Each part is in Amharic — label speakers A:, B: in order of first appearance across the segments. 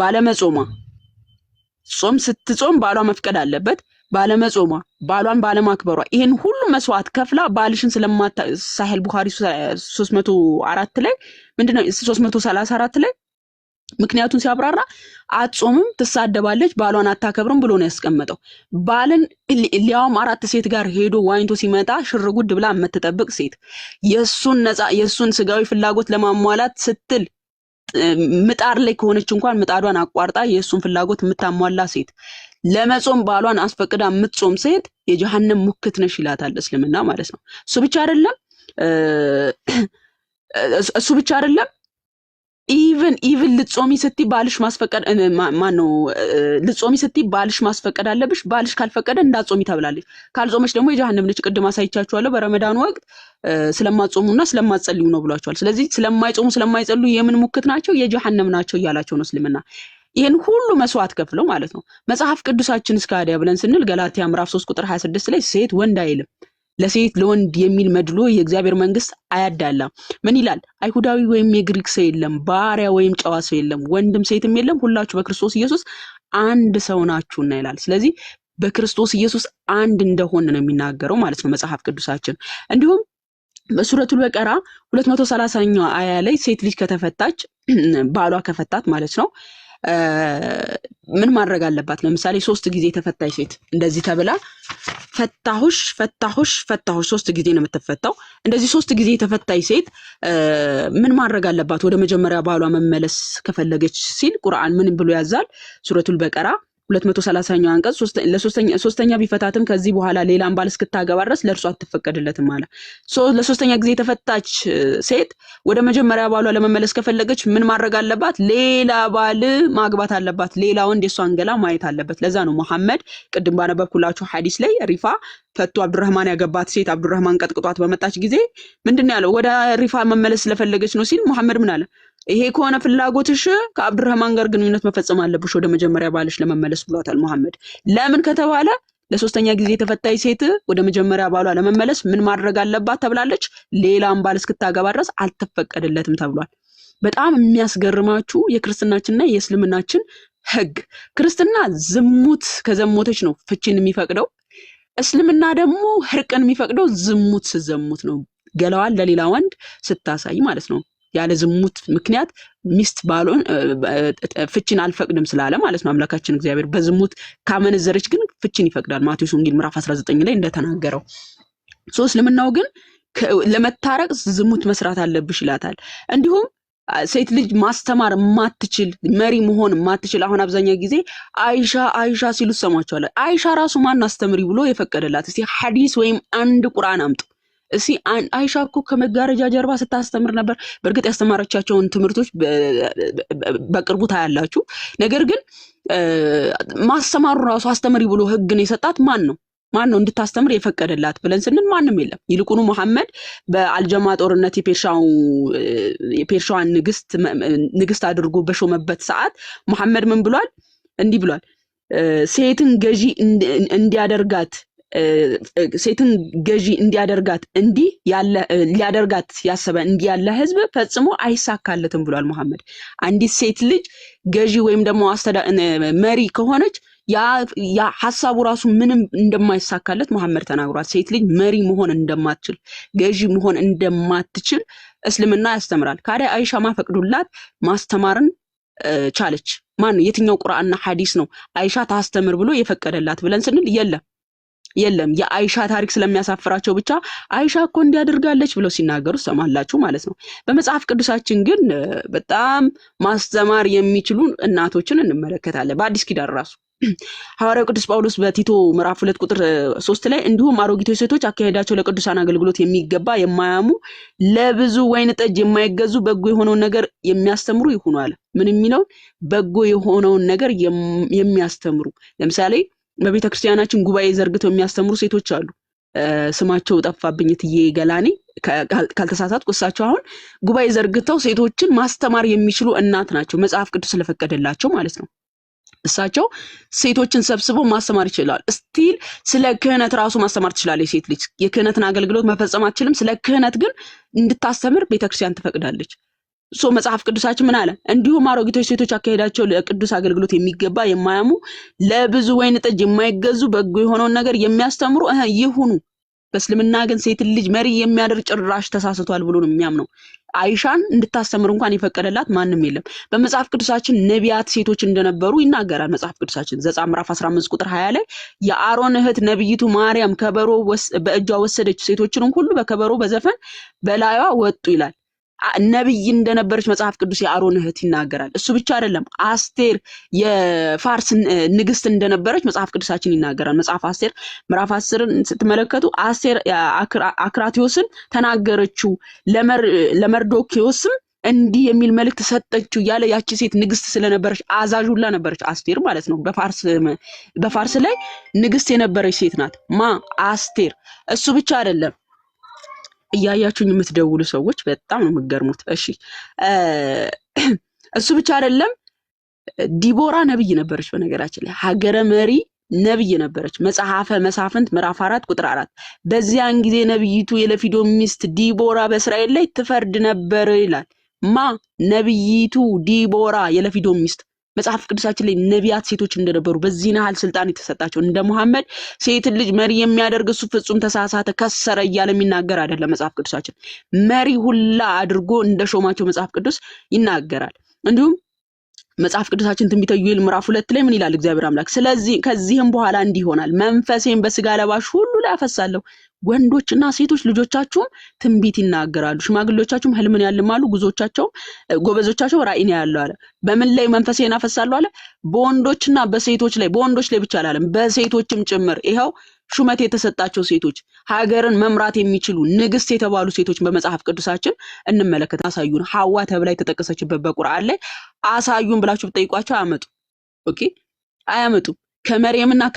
A: ባለመጾሟ ጾም ስትጾም ባሏ መፍቀድ አለበት። ባለመጾሟ ባሏን ባለማክበሯ ይሄን ሁሉ መስዋዕት ከፍላ ባልሽን ስለማታ ሳሂህ ቡኻሪ 304 ላይ ምንድነው 334 ላይ ምክንያቱን ሲያብራራ አትጾምም፣ ትሳደባለች፣ ባሏን አታከብርም ብሎ ነው ያስቀመጠው። ባልን ሊያውም አራት ሴት ጋር ሄዶ ዋኝቶ ሲመጣ ሽርጉድ ብላ የምትጠብቅ ሴት የእሱን ነፃ የእሱን ስጋዊ ፍላጎት ለማሟላት ስትል ምጣድ ላይ ከሆነች እንኳን ምጣዷን አቋርጣ የእሱን ፍላጎት የምታሟላ ሴት ለመጾም ባሏን አስፈቅዳ የምትጾም ሴት የጀሃንም ሙክት ነሽ ይላታል እስልምና ማለት ነው። እሱ ብቻ አይደለም እሱ ብቻ አይደለም ኢቨን ኢቨን ልጾሚ ስቲ ባልሽ ማስፈቀድ ማን ነው? ልጾሚ ስቲ ባልሽ ማስፈቀድ አለብሽ። ባልሽ ካልፈቀደ እንዳጾሚ ተብላለች። ካልጾመች ደግሞ የጀሃነም ነች። ቅድም አሳይቻችኋለሁ በረመዳን ወቅት ስለማጾሙና ስለማጸልዩ ነው ብሏቸዋል። ስለዚህ ስለማይጾሙ ስለማይጸሉ የምን ሙክት ናቸው? የጀሃነም ናቸው እያላቸው ነው እስልምና ይህን ሁሉ መስዋዕት ከፍለው ማለት ነው። መጽሐፍ ቅዱሳችን እስካዲያ ብለን ስንል ገላትያ ምዕራፍ 3 ቁጥር 26 ላይ ሴት ወንድ አይልም፣ ለሴት ለወንድ የሚል መድሎ የእግዚአብሔር መንግስት አያዳላም። ምን ይላል? አይሁዳዊ ወይም የግሪክ ሰው የለም፣ ባሪያ ወይም ጨዋ ሰው የለም፣ ወንድም ሴትም የለም፣ ሁላችሁ በክርስቶስ ኢየሱስ አንድ ሰው ናችሁና ይላል። ስለዚህ በክርስቶስ ኢየሱስ አንድ እንደሆነ ነው የሚናገረው ማለት ነው መጽሐፍ ቅዱሳችን እንዲሁም በሱረቱል በቀራ መቶ ኛው አያ ላይ ሴት ልጅ ከተፈታች ባሏ ከፈታት ማለት ነው ምን ማድረግ አለባት? ለምሳሌ ሶስት ጊዜ ተፈታች ሴት እንደዚህ ተብላ ፈታሁሽ ፈታሁሽ ፈታሁሽ ሶስት ጊዜ ነው የምትፈታው። እንደዚህ ሶስት ጊዜ የተፈታች ሴት ምን ማድረግ አለባት? ወደ መጀመሪያ ባሏ መመለስ ከፈለገች ሲል ቁርአን ምን ብሎ ያዛል? ሱረቱል በቀራ 230ኛው አንቀጽ ለሶስተኛ ቢፈታትም ከዚህ በኋላ ሌላም ባል እስክታገባ ድረስ ለእርሷ አትፈቀድለትም አለ። ለሶስተኛ ጊዜ የተፈታች ሴት ወደ መጀመሪያ ባሏ ለመመለስ ከፈለገች ምን ማድረግ አለባት? ሌላ ባል ማግባት አለባት። ሌላ ወንድ የእሷን ገላ ማየት አለበት። ለዛ ነው መሐመድ ቅድም ባነበብኩላችሁ ሐዲስ ላይ ሪፋ ፈቶ አብዱረህማን ያገባት ሴት አብዱረህማን ቀጥቅጧት በመጣች ጊዜ ምንድን ነው ያለው? ወደ ሪፋ መመለስ ስለፈለገች ነው ሲል መሐመድ ምን አለ? ይሄ ከሆነ ፍላጎትሽ ከአብዱረህማን ጋር ግንኙነት መፈጸም አለብሽ ወደ መጀመሪያ ባልሽ ለመመለስ ብሏታል መሐመድ። ለምን ከተባለ ለሶስተኛ ጊዜ የተፈታች ሴት ወደ መጀመሪያ ባሏ ለመመለስ ምን ማድረግ አለባት ተብላለች። ሌላም ባል እስክታገባ ድረስ አልተፈቀደለትም ተብሏል። በጣም የሚያስገርማችሁ የክርስትናችንና የእስልምናችን ህግ፣ ክርስትና ዝሙት ከዘሞተች ነው ፍቺን የሚፈቅደው። እስልምና ደግሞ እርቅን የሚፈቅደው ዝሙት ስዘሙት ነው፣ ገላዋን ለሌላ ወንድ ስታሳይ ማለት ነው። ያለ ዝሙት ምክንያት ሚስት ባሎን ፍችን አልፈቅድም ስላለ ማለት ነው አምላካችን እግዚአብሔር። በዝሙት ካመነዘረች ግን ፍችን ይፈቅዳል ማቴዎስ ወንጌል ምዕራፍ 19 ላይ እንደተናገረው። ሶ እስልምናው ግን ለመታረቅ ዝሙት መስራት አለብሽ ይላታል። እንዲሁም ሴት ልጅ ማስተማር የማትችል መሪ መሆን የማትችል አሁን አብዛኛው ጊዜ አይሻ አይሻ ሲሉ ሰማቸዋለን። አይሻ ራሱ ማን አስተምሪ ብሎ የፈቀደላት? እስቲ ሐዲስ ወይም አንድ ቁርአን አምጡ እሺ አይሻ እኮ ከመጋረጃ ጀርባ ስታስተምር ነበር። በእርግጥ ያስተማረቻቸውን ትምህርቶች በቅርቡ ታያላችሁ። ነገር ግን ማስተማሩ ራሱ አስተምሪ ብሎ ህግን የሰጣት ማን ነው? ማን ነው እንድታስተምር የፈቀደላት ብለን ስንል ማንም የለም። ይልቁኑ መሐመድ በአልጀማ ጦርነት የፔርሻዋን ንግስት አድርጎ በሾመበት ሰዓት መሐመድ ምን ብሏል? እንዲህ ብሏል ሴትን ገዢ እንዲያደርጋት ሴትን ገዢ እንዲያደርጋት እንዲህ ያለ ሊያደርጋት ያሰበ እንዲህ ያለ ህዝብ ፈጽሞ አይሳካለትም ብሏል መሐመድ። አንዲት ሴት ልጅ ገዢ ወይም ደግሞ መሪ ከሆነች ያ ሀሳቡ ራሱ ምንም እንደማይሳካለት መሐመድ ተናግሯል። ሴት ልጅ መሪ መሆን እንደማትችል ገዢ መሆን እንደማትችል እስልምና ያስተምራል። ካዲያ አይሻ ማፈቅዱላት ማስተማርን ቻለች። ማን የትኛው ቁርአንና ሐዲስ ነው አይሻ ታስተምር ብሎ የፈቀደላት ብለን ስንል የለም። የለም የአይሻ ታሪክ ስለሚያሳፍራቸው ብቻ አይሻ እኮ እንዲያደርጋለች ብለው ሲናገሩ ሰማላችሁ ማለት ነው። በመጽሐፍ ቅዱሳችን ግን በጣም ማስተማር የሚችሉ እናቶችን እንመለከታለን። በአዲስ ኪዳን ራሱ ሐዋርያው ቅዱስ ጳውሎስ በቲቶ ምዕራፍ ሁለት ቁጥር ሶስት ላይ እንዲሁም አሮጊቶች ሴቶች አካሄዳቸው ለቅዱሳን አገልግሎት የሚገባ የማያሙ ለብዙ ወይን ጠጅ የማይገዙ በጎ የሆነውን ነገር የሚያስተምሩ ይሁኑ አለ። ምን የሚለው በጎ የሆነውን ነገር የሚያስተምሩ ለምሳሌ በቤተ ክርስቲያናችን ጉባኤ ዘርግተው የሚያስተምሩ ሴቶች አሉ። ስማቸው ጠፋብኝ። ትዬ ገላኔ ካልተሳሳትኩ፣ እሳቸው አሁን ጉባኤ ዘርግተው ሴቶችን ማስተማር የሚችሉ እናት ናቸው፣ መጽሐፍ ቅዱስ ስለፈቀደላቸው ማለት ነው። እሳቸው ሴቶችን ሰብስበው ማስተማር ይችላል። ስቲል ስለ ክህነት ራሱ ማስተማር ትችላለች ሴት ልጅ። የክህነትን አገልግሎት መፈጸም አትችልም። ስለ ክህነት ግን እንድታስተምር ቤተክርስቲያን ትፈቅዳለች። ሶ መጽሐፍ ቅዱሳችን ምን አለ? እንዲሁም አሮጊቶች ሴቶች አካሄዳቸው ለቅዱስ አገልግሎት የሚገባ የማያሙ ለብዙ ወይን ጠጅ የማይገዙ በጎ የሆነውን ነገር የሚያስተምሩ ይሁኑ። በእስልምና ግን ሴት ልጅ መሪ የሚያደርግ ጭራሽ ተሳስቷል ብሎ ነው የሚያምነው። አይሻን እንድታስተምር እንኳን የፈቀደላት ማንም የለም። በመጽሐፍ ቅዱሳችን ነቢያት ሴቶች እንደነበሩ ይናገራል መጽሐፍ ቅዱሳችን ዘጻ ምዕራፍ 15 ቁጥር 20 ላይ የአሮን እህት ነቢይቱ ማርያም ከበሮ በእጇ ወሰደች፣ ሴቶችንም ሁሉ በከበሮ በዘፈን በላዩዋ ወጡ ይላል። ነቢይ እንደነበረች መጽሐፍ ቅዱስ የአሮን እህት ይናገራል። እሱ ብቻ አይደለም፣ አስቴር የፋርስ ንግስት እንደነበረች መጽሐፍ ቅዱሳችን ይናገራል። መጽሐፍ አስቴር ምዕራፍ አስርን ስትመለከቱ አስቴር አክራቴዎስን ተናገረችው፣ ለመርዶኪዎስም እንዲህ የሚል መልእክት ሰጠችው ያለ ያቺ ሴት ንግስት ስለነበረች አዛዥ ነበረች፣ አስቴር ማለት ነው። በፋርስ ላይ ንግስት የነበረች ሴት ናት። ማ አስቴር። እሱ ብቻ አይደለም እያያችሁኝ የምትደውሉ ሰዎች በጣም ነው የምገርሙት። እሺ እሱ ብቻ አይደለም። ዲቦራ ነብይ ነበረች። በነገራችን ላይ ሀገረ መሪ ነብይ ነበረች። መጽሐፈ መሳፍንት ምዕራፍ አራት ቁጥር አራት በዚያን ጊዜ ነብይቱ የለፊዶ ሚስት ዲቦራ በእስራኤል ላይ ትፈርድ ነበር ይላል። ማ ነብይቱ ዲቦራ የለፊዶ ሚስት መጽሐፍ ቅዱሳችን ላይ ነቢያት ሴቶች እንደነበሩ በዚህ ያህል ስልጣን የተሰጣቸው እንደ መሐመድ ሴትን ልጅ መሪ የሚያደርግ እሱ ፍጹም ተሳሳተ፣ ከሰረ እያለ የሚናገር አይደለም። መጽሐፍ ቅዱሳችን መሪ ሁላ አድርጎ እንደ ሾማቸው መጽሐፍ ቅዱስ ይናገራል። እንዲሁም መጽሐፍ ቅዱሳችን ትንቢተ ዩኤል ምዕራፍ ሁለት ላይ ምን ይላል? እግዚአብሔር አምላክ ስለዚህ ከዚህም በኋላ እንዲህ ይሆናል፣ መንፈሴን በስጋ ለባሽ ሁሉ ላይ አፈሳለሁ፣ ወንዶችና ሴቶች ልጆቻችሁም ትንቢት ይናገራሉ፣ ሽማግሌዎቻችሁም ህልምን ያልማሉ፣ ጉዞቻቸውም ጎበዞቻቸው ራእይን ያሉ አለ። በምን ላይ መንፈሴን ናፈሳሉ አለ? በወንዶችና በሴቶች ላይ። በወንዶች ላይ ብቻ አላለም፣ በሴቶችም ጭምር ይኸው ሹመት የተሰጣቸው ሴቶች ሀገርን መምራት የሚችሉ ንግስት የተባሉ ሴቶች በመጽሐፍ ቅዱሳችን እንመለከት። አሳዩን ሀዋ ተብላ የተጠቀሰችበት በቁርአን ላይ አሳዩን ብላችሁ ብጠይቋቸው አያመጡ ኦኬ፣ አያመጡም።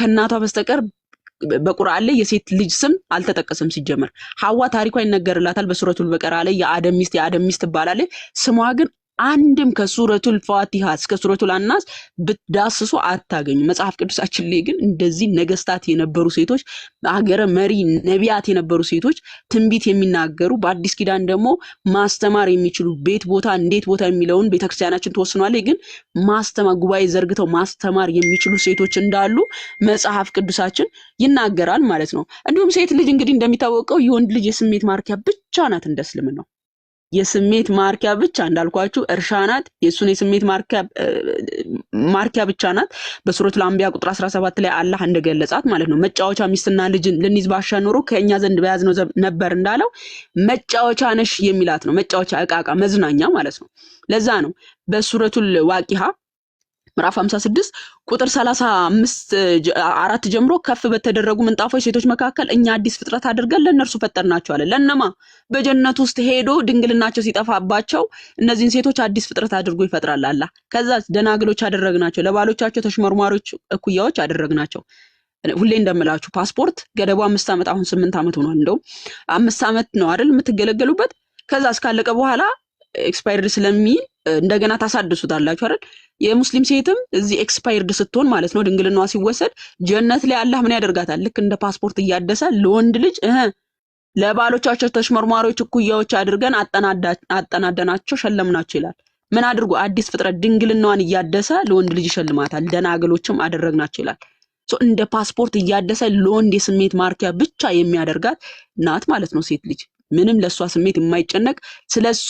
A: ከእናቷ በስተቀር በቁርአን ላይ የሴት ልጅ ስም አልተጠቀሰም። ሲጀመር ሀዋ ታሪኳ ይነገርላታል በሱረቱል በቀራ ላይ የአደም ሚስት የአደም ሚስት ትባላለች። ስሟ ግን አንድም ከሱረቱል ፋቲሃ እስከ ሱረቱል አናስ ብትዳስሱ አታገኙ። መጽሐፍ ቅዱሳችን ላይ ግን እንደዚህ ነገስታት የነበሩ ሴቶች፣ ሀገረ መሪ ነቢያት የነበሩ ሴቶች ትንቢት የሚናገሩ በአዲስ ኪዳን ደግሞ ማስተማር የሚችሉ ቤት ቦታ እንዴት ቦታ የሚለውን ቤተክርስቲያናችን ተወስኗል። ግን ማስተማር ጉባኤ ዘርግተው ማስተማር የሚችሉ ሴቶች እንዳሉ መጽሐፍ ቅዱሳችን ይናገራል ማለት ነው። እንዲሁም ሴት ልጅ እንግዲህ እንደሚታወቀው የወንድ ልጅ የስሜት ማርኪያ ብቻ ናት እንደ ነው። የስሜት ማርኪያ ብቻ እንዳልኳችሁ እርሻ ናት። የእሱን የስሜት ማርኪያ ብቻ ናት። በሱረቱል ለአንቢያ ቁጥር 17 ላይ አላህ እንደገለጻት ማለት ነው። መጫወቻ ሚስትና ልጅን ልንይዝ ባሻ ኖሮ ከእኛ ዘንድ ነው ነበር እንዳለው መጫወቻ ነሽ የሚላት ነው። መጫወቻ እቃቃ መዝናኛ ማለት ነው። ለዛ ነው በሱረቱል ዋቂሃ ምዕራፍ 56 ቁጥር 35 አራት ጀምሮ ከፍ በተደረጉ ምንጣፎች ሴቶች መካከል እኛ አዲስ ፍጥረት አድርገን ለእነርሱ ፈጠርናቸው አለ። ለእነማ በጀነት ውስጥ ሄዶ ድንግልናቸው ሲጠፋባቸው እነዚህን ሴቶች አዲስ ፍጥረት አድርጎ ይፈጥራል አላ። ከዛ ደናግሎች አደረግናቸው፣ ለባሎቻቸው ተሽመርማሪዎች እኩያዎች አደረግናቸው። ሁሌ እንደምላችሁ ፓስፖርት ገደቡ አምስት ዓመት አሁን ስምንት ዓመት ሆኗል። እንደውም አምስት ዓመት ነው አይደል የምትገለገሉበት። ከዛ እስካለቀ በኋላ ኤክስፓይርድ ስለሚል እንደገና ታሳድሱታላችሁ አይደል? የሙስሊም ሴትም እዚህ ኤክስፓይርድ ስትሆን ማለት ነው ድንግልናዋ ሲወሰድ ጀነት ላይ አላህ ምን ያደርጋታል? ልክ እንደ ፓስፖርት እያደሰ ለወንድ ልጅ ለባሎቻቸው ተሽመርማሪዎች እኩያዎች አድርገን አጠናደናቸው ሸለምናቸው ይላል። ምን አድርጎ አዲስ ፍጥረት ድንግልናዋን እያደሰ ለወንድ ልጅ ይሸልማታል። ደናግሎችም አደረግናቸው ይላል። እንደ ፓስፖርት እያደሰ ለወንድ የስሜት ማርኪያ ብቻ የሚያደርጋት ናት ማለት ነው ሴት ልጅ። ምንም ለእሷ ስሜት የማይጨነቅ ስለ እሷ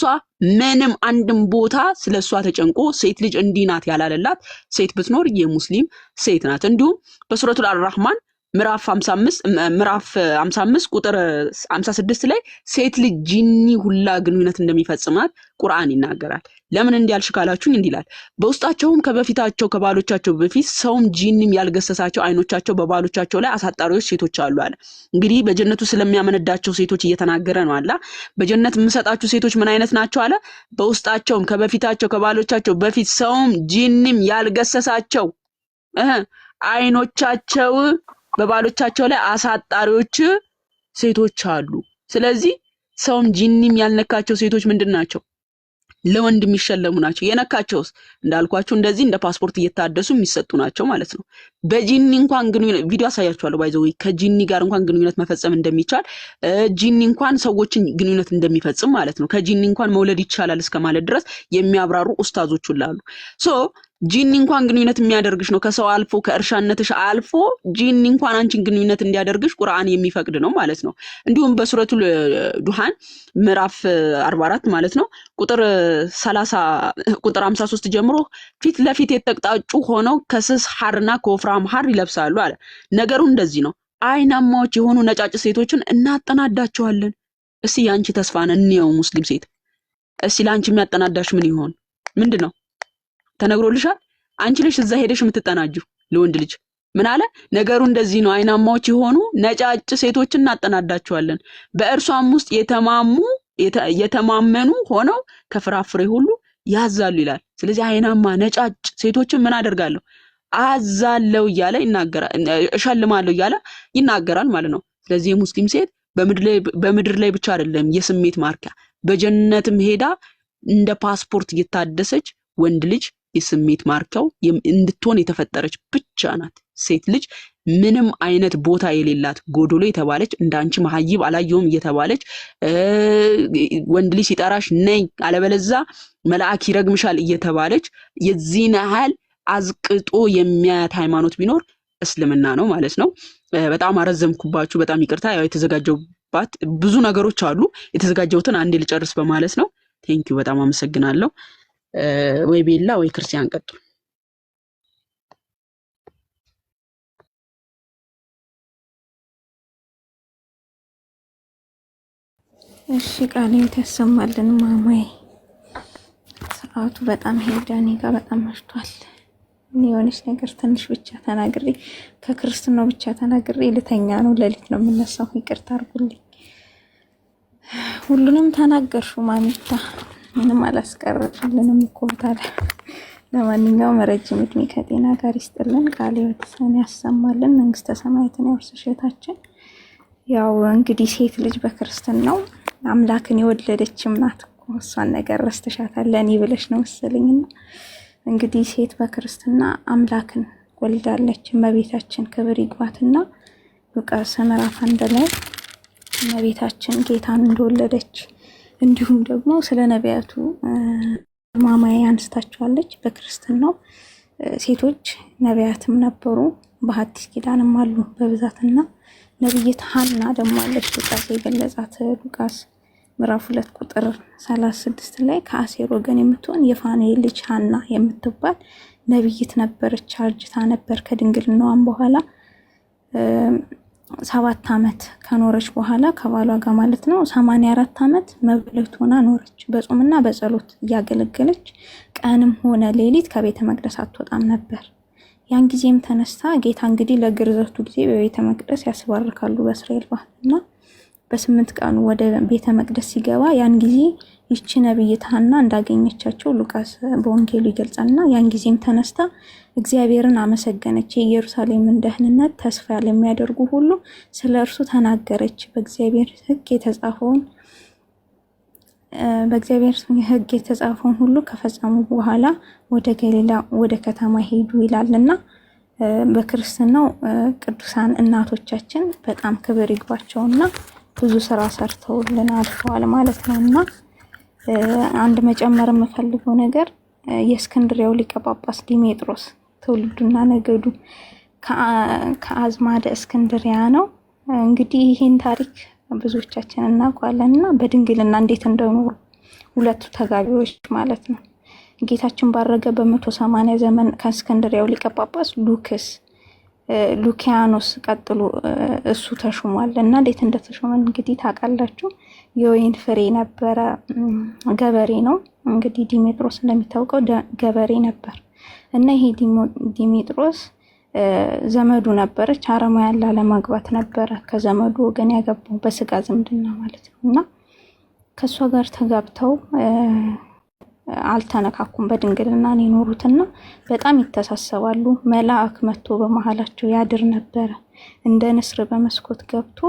A: ምንም አንድም ቦታ ስለ እሷ ተጨንቆ ሴት ልጅ እንዲህ ናት ያላለላት ሴት ብትኖር የሙስሊም ሴት ናት። እንዲሁም በሱረቱል አርራህማን ምዕራፍ 55 ምዕራፍ 55 ቁጥር 56 ላይ ሴት ልጅ ጂኒ ሁላ ግንኙነት እንደሚፈጽማት ቁርአን ይናገራል። ለምን እንዲያልሽ ካላችሁኝ እንዲላል በውስጣቸውም ከበፊታቸው ከባሎቻቸው በፊት ሰውም ጂኒም ያልገሰሳቸው አይኖቻቸው በባሎቻቸው ላይ አሳጣሪዎች ሴቶች አሉ አለ። እንግዲህ በጀነቱ ስለሚያመነዳቸው ሴቶች እየተናገረ ነው አላ። በጀነት የምሰጣችሁ ሴቶች ምን አይነት ናቸው አለ። በውስጣቸውም ከበፊታቸው ከባሎቻቸው በፊት ሰውም ጂኒም ያልገሰሳቸው አይኖቻቸው በባሎቻቸው ላይ አሳጣሪዎች ሴቶች አሉ። ስለዚህ ሰውም ጂኒም ያልነካቸው ሴቶች ምንድን ናቸው? ለወንድ የሚሸለሙ ናቸው። የነካቸውስ እንዳልኳቸው እንደዚህ እንደ ፓስፖርት እየታደሱ የሚሰጡ ናቸው ማለት ነው። በጂኒ እንኳን ግንኙነት ቪዲዮ አሳያችኋለሁ። ባይዘ ከጂኒ ጋር እንኳን ግንኙነት መፈጸም እንደሚቻል ጂኒ እንኳን ሰዎችን ግንኙነት እንደሚፈጽም ማለት ነው። ከጂኒ እንኳን መውለድ ይቻላል እስከ ማለት ድረስ የሚያብራሩ ኡስታዞች ላሉ ሶ ጂኒ እንኳን ግንኙነት የሚያደርግሽ ነው። ከሰው አልፎ ከእርሻነትሽ አልፎ ጂኒ እንኳን አንቺን ግንኙነት እንዲያደርግሽ ቁርአን የሚፈቅድ ነው ማለት ነው። እንዲሁም በሱረቱ ዱሃን ምዕራፍ 44 ማለት ነው ቁጥር 30 ቁጥር 53 ጀምሮ ፊት ለፊት የተቅጣጩ ሆነው ከስስ ሐርና ከወፍራም ሐር ይለብሳሉ አለ። ነገሩ እንደዚህ ነው። አይናማዎች የሆኑ ነጫጭ ሴቶችን እናጠናዳቸዋለን። እስቲ ያንቺ ተስፋ ነን እንየው። ሙስሊም ሴት እስቲ ለአንቺ የሚያጠናዳሽ ምን ይሆን? ምንድን ነው? ተነግሮልሻል? አንቺ ልጅ እዛ ሄደሽ የምትጠናጁ ለወንድ ልጅ ምን አለ ነገሩ እንደዚህ ነው። አይናማዎች የሆኑ ነጫጭ ሴቶችን እናጠናዳቸዋለን። በእርሷም ውስጥ የተማሙ የተማመኑ ሆነው ከፍራፍሬ ሁሉ ያዛሉ ይላል። ስለዚህ አይናማ ነጫጭ ሴቶችን ምን አደርጋለሁ አዛለው እያለ ይናገራል፣ እሸልማለሁ እያለ ይናገራል ማለት ነው። ስለዚህ የሙስሊም ሴት በምድር ላይ ብቻ አይደለም የስሜት ማርኪያ፣ በጀነትም ሄዳ እንደ ፓስፖርት እየታደሰች ወንድ ልጅ የስሜት ማርኪያው እንድትሆን የተፈጠረች ብቻ ናት። ሴት ልጅ ምንም አይነት ቦታ የሌላት ጎዶሎ የተባለች እንዳንቺ መሀይብ አላየውም እየተባለች ወንድ ልጅ ሲጠራሽ ነይ አለበለዛ መልአክ ይረግምሻል እየተባለች የዚህን ያህል አዝቅጦ የሚያያት ሃይማኖት ቢኖር እስልምና ነው ማለት ነው። በጣም አረዘምኩባችሁ፣ በጣም ይቅርታ። ያው የተዘጋጀሁባት ብዙ ነገሮች አሉ። የተዘጋጀውትን አንዴ ልጨርስ በማለት ነው። ቴንኪዩ፣ በጣም አመሰግናለሁ። ወይ ቤላ ወይ ክርስቲያን ቀጡ።
B: እሺ ቃሌት ያሰማልን ማማዬ። ሰዓቱ በጣም ሄዳ፣ እኔ በጣም መሽቷል። የሆነች ነገር ትንሽ ብቻ ተናግሬ ከክርስትናው ብቻ ተናግሬ ልተኛ ነው። ሌሊት ነው የምነሳው። ይቅርታ አድርጉልኝ። ሁሉንም ተናገርሹ ማሚታ ምንም አላስቀረችልንም እኮ ታዲያ። ለማንኛውም ረጅም እድሜ ከጤና ጋር ይስጥልን፣ ቃለ ሕይወትን ያሰማልን፣ መንግስተ ሰማያትን ያውርስሽ እህታችን። ያው እንግዲህ ሴት ልጅ በክርስትናው አምላክን የወለደችም ናት እሷን ነገር ረስተሻታል ለእኔ ብለሽ ነው መሰለኝና እንግዲህ ሴት በክርስትና አምላክን ወልዳለች። እመቤታችን ክብር ይግባትና ሉቃስ ምዕራፍ አንድ ላይ እመቤታችን ጌታን እንደወለደች እንዲሁም ደግሞ ስለ ነቢያቱ ማማዬ አንስታቸዋለች። በክርስትናው ሴቶች ነቢያትም ነበሩ፣ በሐዲስ ኪዳንም አሉ በብዛትና ነቢይት ሀና ደግሞ አለች። ሉቃስ የገለጻት ሉቃስ ምዕራፍ ሁለት ቁጥር ሰላሳ ስድስት ላይ ከአሴር ወገን የምትሆን የፋኔ ልጅ ሀና የምትባል ነቢይት ነበረች። አርጅታ ነበር ከድንግልናዋም በኋላ ሰባት ዓመት ከኖረች በኋላ ከባሏ ጋር ማለት ነው። ሰማንያ አራት ዓመት መብልህት ሆና ኖረች። በጾምና በጸሎት እያገለገለች ቀንም ሆነ ሌሊት ከቤተ መቅደስ አትወጣም ነበር። ያን ጊዜም ተነስታ ጌታ እንግዲህ ለግርዘቱ ጊዜ በቤተ መቅደስ ያስባርካሉ በእስራኤል እና በስምንት ቀኑ ወደ ቤተ መቅደስ ሲገባ ያን ጊዜ ይቺ ነቢይት ሐና እንዳገኘቻቸው ሉቃስ በወንጌሉ ይገልጻልና ያን ጊዜም ተነስታ እግዚአብሔርን አመሰገነች። የኢየሩሳሌምን ደህንነት ተስፋ ለሚያደርጉ ሁሉ ስለ እርሱ ተናገረች። በእግዚአብሔር ሕግ የተጻፈውን በእግዚአብሔር ሕግ የተጻፈውን ሁሉ ከፈጸሙ በኋላ ወደ ገሊላ ወደ ከተማ ሄዱ ይላልና በክርስትናው ቅዱሳን እናቶቻችን በጣም ክብር ይግባቸውና ብዙ ስራ ሰርተውልን አልፈዋል ማለት ነው። እና አንድ መጨመር የምፈልገው ነገር የእስክንድሪያው ሊቀ ጳጳስ ዲሜጥሮስ ትውልዱና ነገዱ ከአዝማደ እስክንድሪያ ነው። እንግዲህ ይህን ታሪክ ብዙዎቻችን እናውቃለን እና በድንግልና እንዴት እንደኖሩ ሁለቱ ተጋቢዎች ማለት ነው። ጌታችን ባረገ በመቶ ሰማንያ ዘመን ከእስክንድሪያው ሊቀ ጳጳስ ሉክስ ሉኪያኖስ ቀጥሎ እሱ ተሹሟል እና እንዴት እንደተሾመ እንግዲህ ታውቃላችሁ። የወይን ፍሬ ነበረ፣ ገበሬ ነው እንግዲህ ዲሜጥሮስ እንደሚታወቀው ገበሬ ነበር እና ይሄ ዲሜጥሮስ ዘመዱ ነበረች አረማውያን ላለማግባት ነበረ ከዘመዱ ወገን ያገባው በስጋ ዝምድና ማለት ነው እና ከእሷ ጋር ተጋብተው አልተነካኩም በድንግልና ነው የኖሩትና በጣም ይተሳሰባሉ። መልአክ መጥቶ በመሀላቸው ያድር ነበረ። እንደ ንስር በመስኮት ገብቶ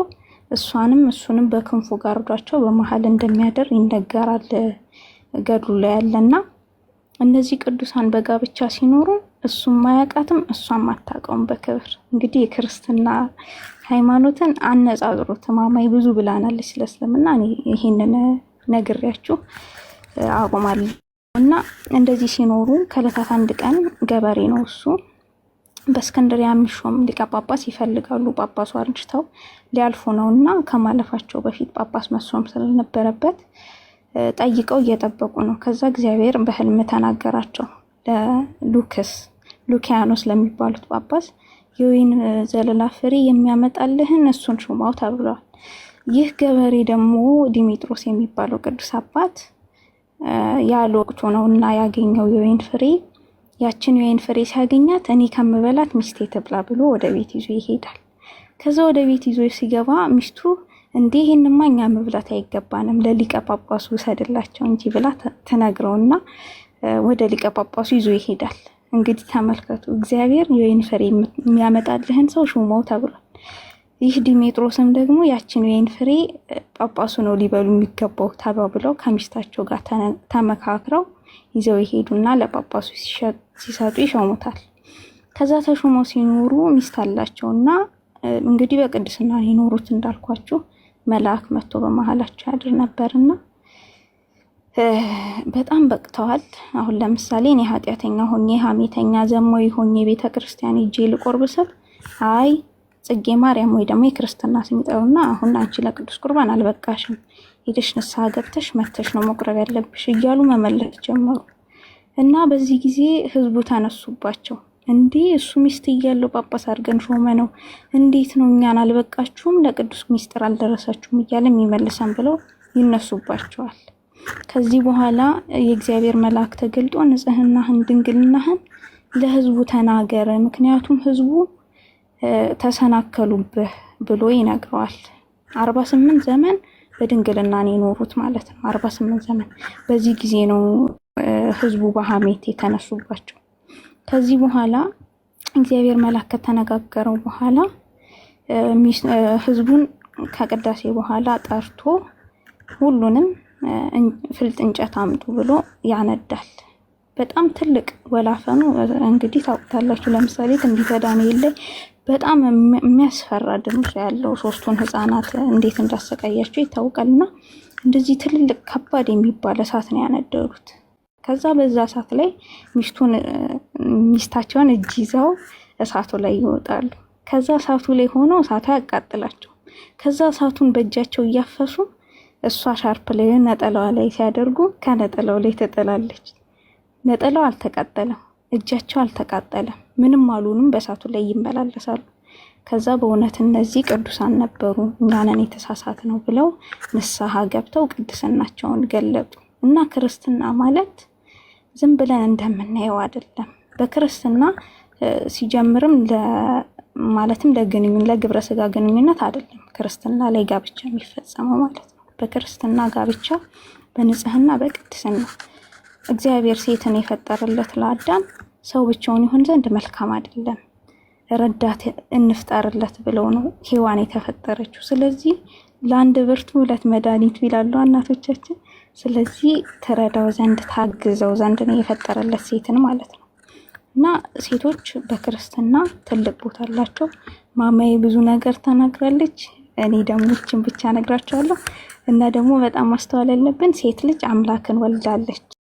B: እሷንም እሱንም በክንፉ ጋርዷቸው በመሀል እንደሚያደር ይነገራል ገድሉ ላይ ያለና እነዚህ ቅዱሳን በጋብቻ ሲኖሩ እሱም ማያውቃትም እሷም አታውቀውም። በክብር እንግዲህ የክርስትና ሃይማኖትን አነጻጽሮ ተማማኝ ብዙ ብላናለች። ስለ እስልምና እኔ ይሄንን ነግሬያችሁ አቆማለሁ። እና እንደዚህ ሲኖሩ ከለታት አንድ ቀን ገበሬ ነው እሱ በእስክንድርያ የሚሾም ሊቀ ጳጳስ ይፈልጋሉ። ጳጳሱ አርጅተው ሊያልፉ ነው እና ከማለፋቸው በፊት ጳጳስ መሾም ስለነበረበት ጠይቀው እየጠበቁ ነው። ከዛ እግዚአብሔር በህልም ተናገራቸው ለሉክስ ሉኪያኖስ ለሚባሉት ጳጳስ የወይን ዘለላ ፍሬ የሚያመጣልህን እሱን ሹማው ተብሏል። ይህ ገበሬ ደግሞ ዲሜጥሮስ የሚባለው ቅዱስ አባት ያለ ወቅቱ ነው እና ያገኘው የወይን ፍሬ ያችን የወይን ፍሬ ሲያገኛት እኔ ከምበላት ሚስቴ ትብላ ብሎ ወደ ቤት ይዞ ይሄዳል። ከዛ ወደ ቤት ይዞ ሲገባ ሚስቱ እንዴ ይህንማ እኛ መብላት አይገባንም ለሊቀ ጳጳሱ ውሰድላቸው እንጂ ብላ ትነግረውና ወደ ሊቀ ጳጳሱ ይዞ ይሄዳል። እንግዲህ ተመልከቱ፣ እግዚአብሔር የወይን ፍሬ የሚያመጣልህን ሰው ሹመው ተብሏል። ይህ ዲሜጥሮስም ደግሞ ያችን ወይን ፍሬ ጳጳሱ ነው ሊበሉ የሚገባው ተባብለው ከሚስታቸው ጋር ተመካክረው ይዘው ይሄዱና ለጳጳሱ ሲሰጡ ይሾሙታል። ከዛ ተሾመው ሲኖሩ ሚስት አላቸው እና እንግዲህ በቅድስና የኖሩት እንዳልኳችሁ መልአክ መጥቶ በመሀላቸው ያድር ነበርና በጣም በቅተዋል። አሁን ለምሳሌ እኔ ኃጢአተኛ ሆኜ ሀሜተኛ ዘሞ ሆኜ ቤተ ክርስቲያን ሄጄ ልቆርብ ስል አይ ጽጌ ማርያም ወይ ደግሞ የክርስትና ስም ይጠሩና አሁን አንቺ ለቅዱስ ቁርባን አልበቃሽም፣ ሄደሽ ንስሐ ገብተሽ መተሽ ነው መቁረብ ያለብሽ እያሉ መመለስ ጀመሩ። እና በዚህ ጊዜ ህዝቡ ተነሱባቸው። እንዴ እሱ ሚስት እያለው ጳጳስ አድርገን ሾመ ነው እንዴት ነው እኛን አልበቃችሁም፣ ለቅዱስ ሚስጥር አልደረሳችሁም እያለ የሚመልሰን ብለው ይነሱባቸዋል። ከዚህ በኋላ የእግዚአብሔር መልአክ ተገልጦ ንጽህናህን ድንግልናህን ለህዝቡ ተናገረ። ምክንያቱም ህዝቡ ተሰናከሉብህ ብሎ ይነግረዋል። አርባ ስምንት ዘመን በድንግልና ነው የኖሩት ማለት ነው። አርባ ስምንት ዘመን በዚህ ጊዜ ነው ህዝቡ በሐሜት የተነሱባቸው። ከዚህ በኋላ እግዚአብሔር መልአክ ከተነጋገረው በኋላ ህዝቡን ከቅዳሴ በኋላ ጠርቶ ሁሉንም ፍልጥ እንጨት አምጡ ብሎ ያነዳል። በጣም ትልቅ ወላፈኑ እንግዲህ ታውቁታላችሁ። ለምሳሌ ትንቢተ ዳንኤል ላይ በጣም የሚያስፈራ ድምፅ ያለው ሶስቱን ህፃናት እንዴት እንዳሰቃያቸው ይታወቃል። እና እንደዚህ ትልልቅ ከባድ የሚባል እሳት ነው ያነደሩት። ከዛ በዛ እሳት ላይ ሚስቱን ሚስታቸውን እጅ ይዘው እሳቱ ላይ ይወጣሉ። ከዛ እሳቱ ላይ ሆነው እሳቱ ያቃጥላቸው። ከዛ እሳቱን በእጃቸው እያፈሱ እሷ ሻርፕ ላይ ነጠላዋ ላይ ሲያደርጉ ከነጠላው ላይ ትጥላለች። ነጠላው አልተቃጠለም፣ እጃቸው አልተቃጠለም። ምንም አልሆኑም፣ በእሳቱ ላይ ይመላለሳሉ። ከዛ በእውነት እነዚህ ቅዱሳን ነበሩ፣ እኛንን የተሳሳት ነው ብለው ንስሐ ገብተው ቅድስናቸውን ገለጡ እና ክርስትና ማለት ዝም ብለን እንደምናየው አይደለም። በክርስትና ሲጀምርም ማለትም ለግንኙነት ለግብረ ስጋ ግንኙነት አይደለም። ክርስትና ላይ ጋብቻ የሚፈጸመው ማለት ነው። በክርስትና ጋብቻ በንጽህና በቅድስና እግዚአብሔር ሴትን የፈጠረለት ለአዳም ሰው ብቻውን ይሆን ዘንድ መልካም አይደለም፣ ረዳት እንፍጠርለት ብለው ነው ሔዋን የተፈጠረችው። ስለዚህ ለአንድ ብርቱ ሁለት መድኃኒቱ ይላሉ እናቶቻችን። ስለዚህ ትረዳው ዘንድ ታግዘው ዘንድ ነው የፈጠረለት ሴትን ማለት ነው። እና ሴቶች በክርስትና ትልቅ ቦታ አላቸው። ማማዬ ብዙ ነገር ተናግራለች። እኔ ደግሞ ይችን ብቻ ነግራቸዋለሁ። እና ደግሞ በጣም ማስተዋል ያለብን ሴት ልጅ አምላክን ወልዳለች።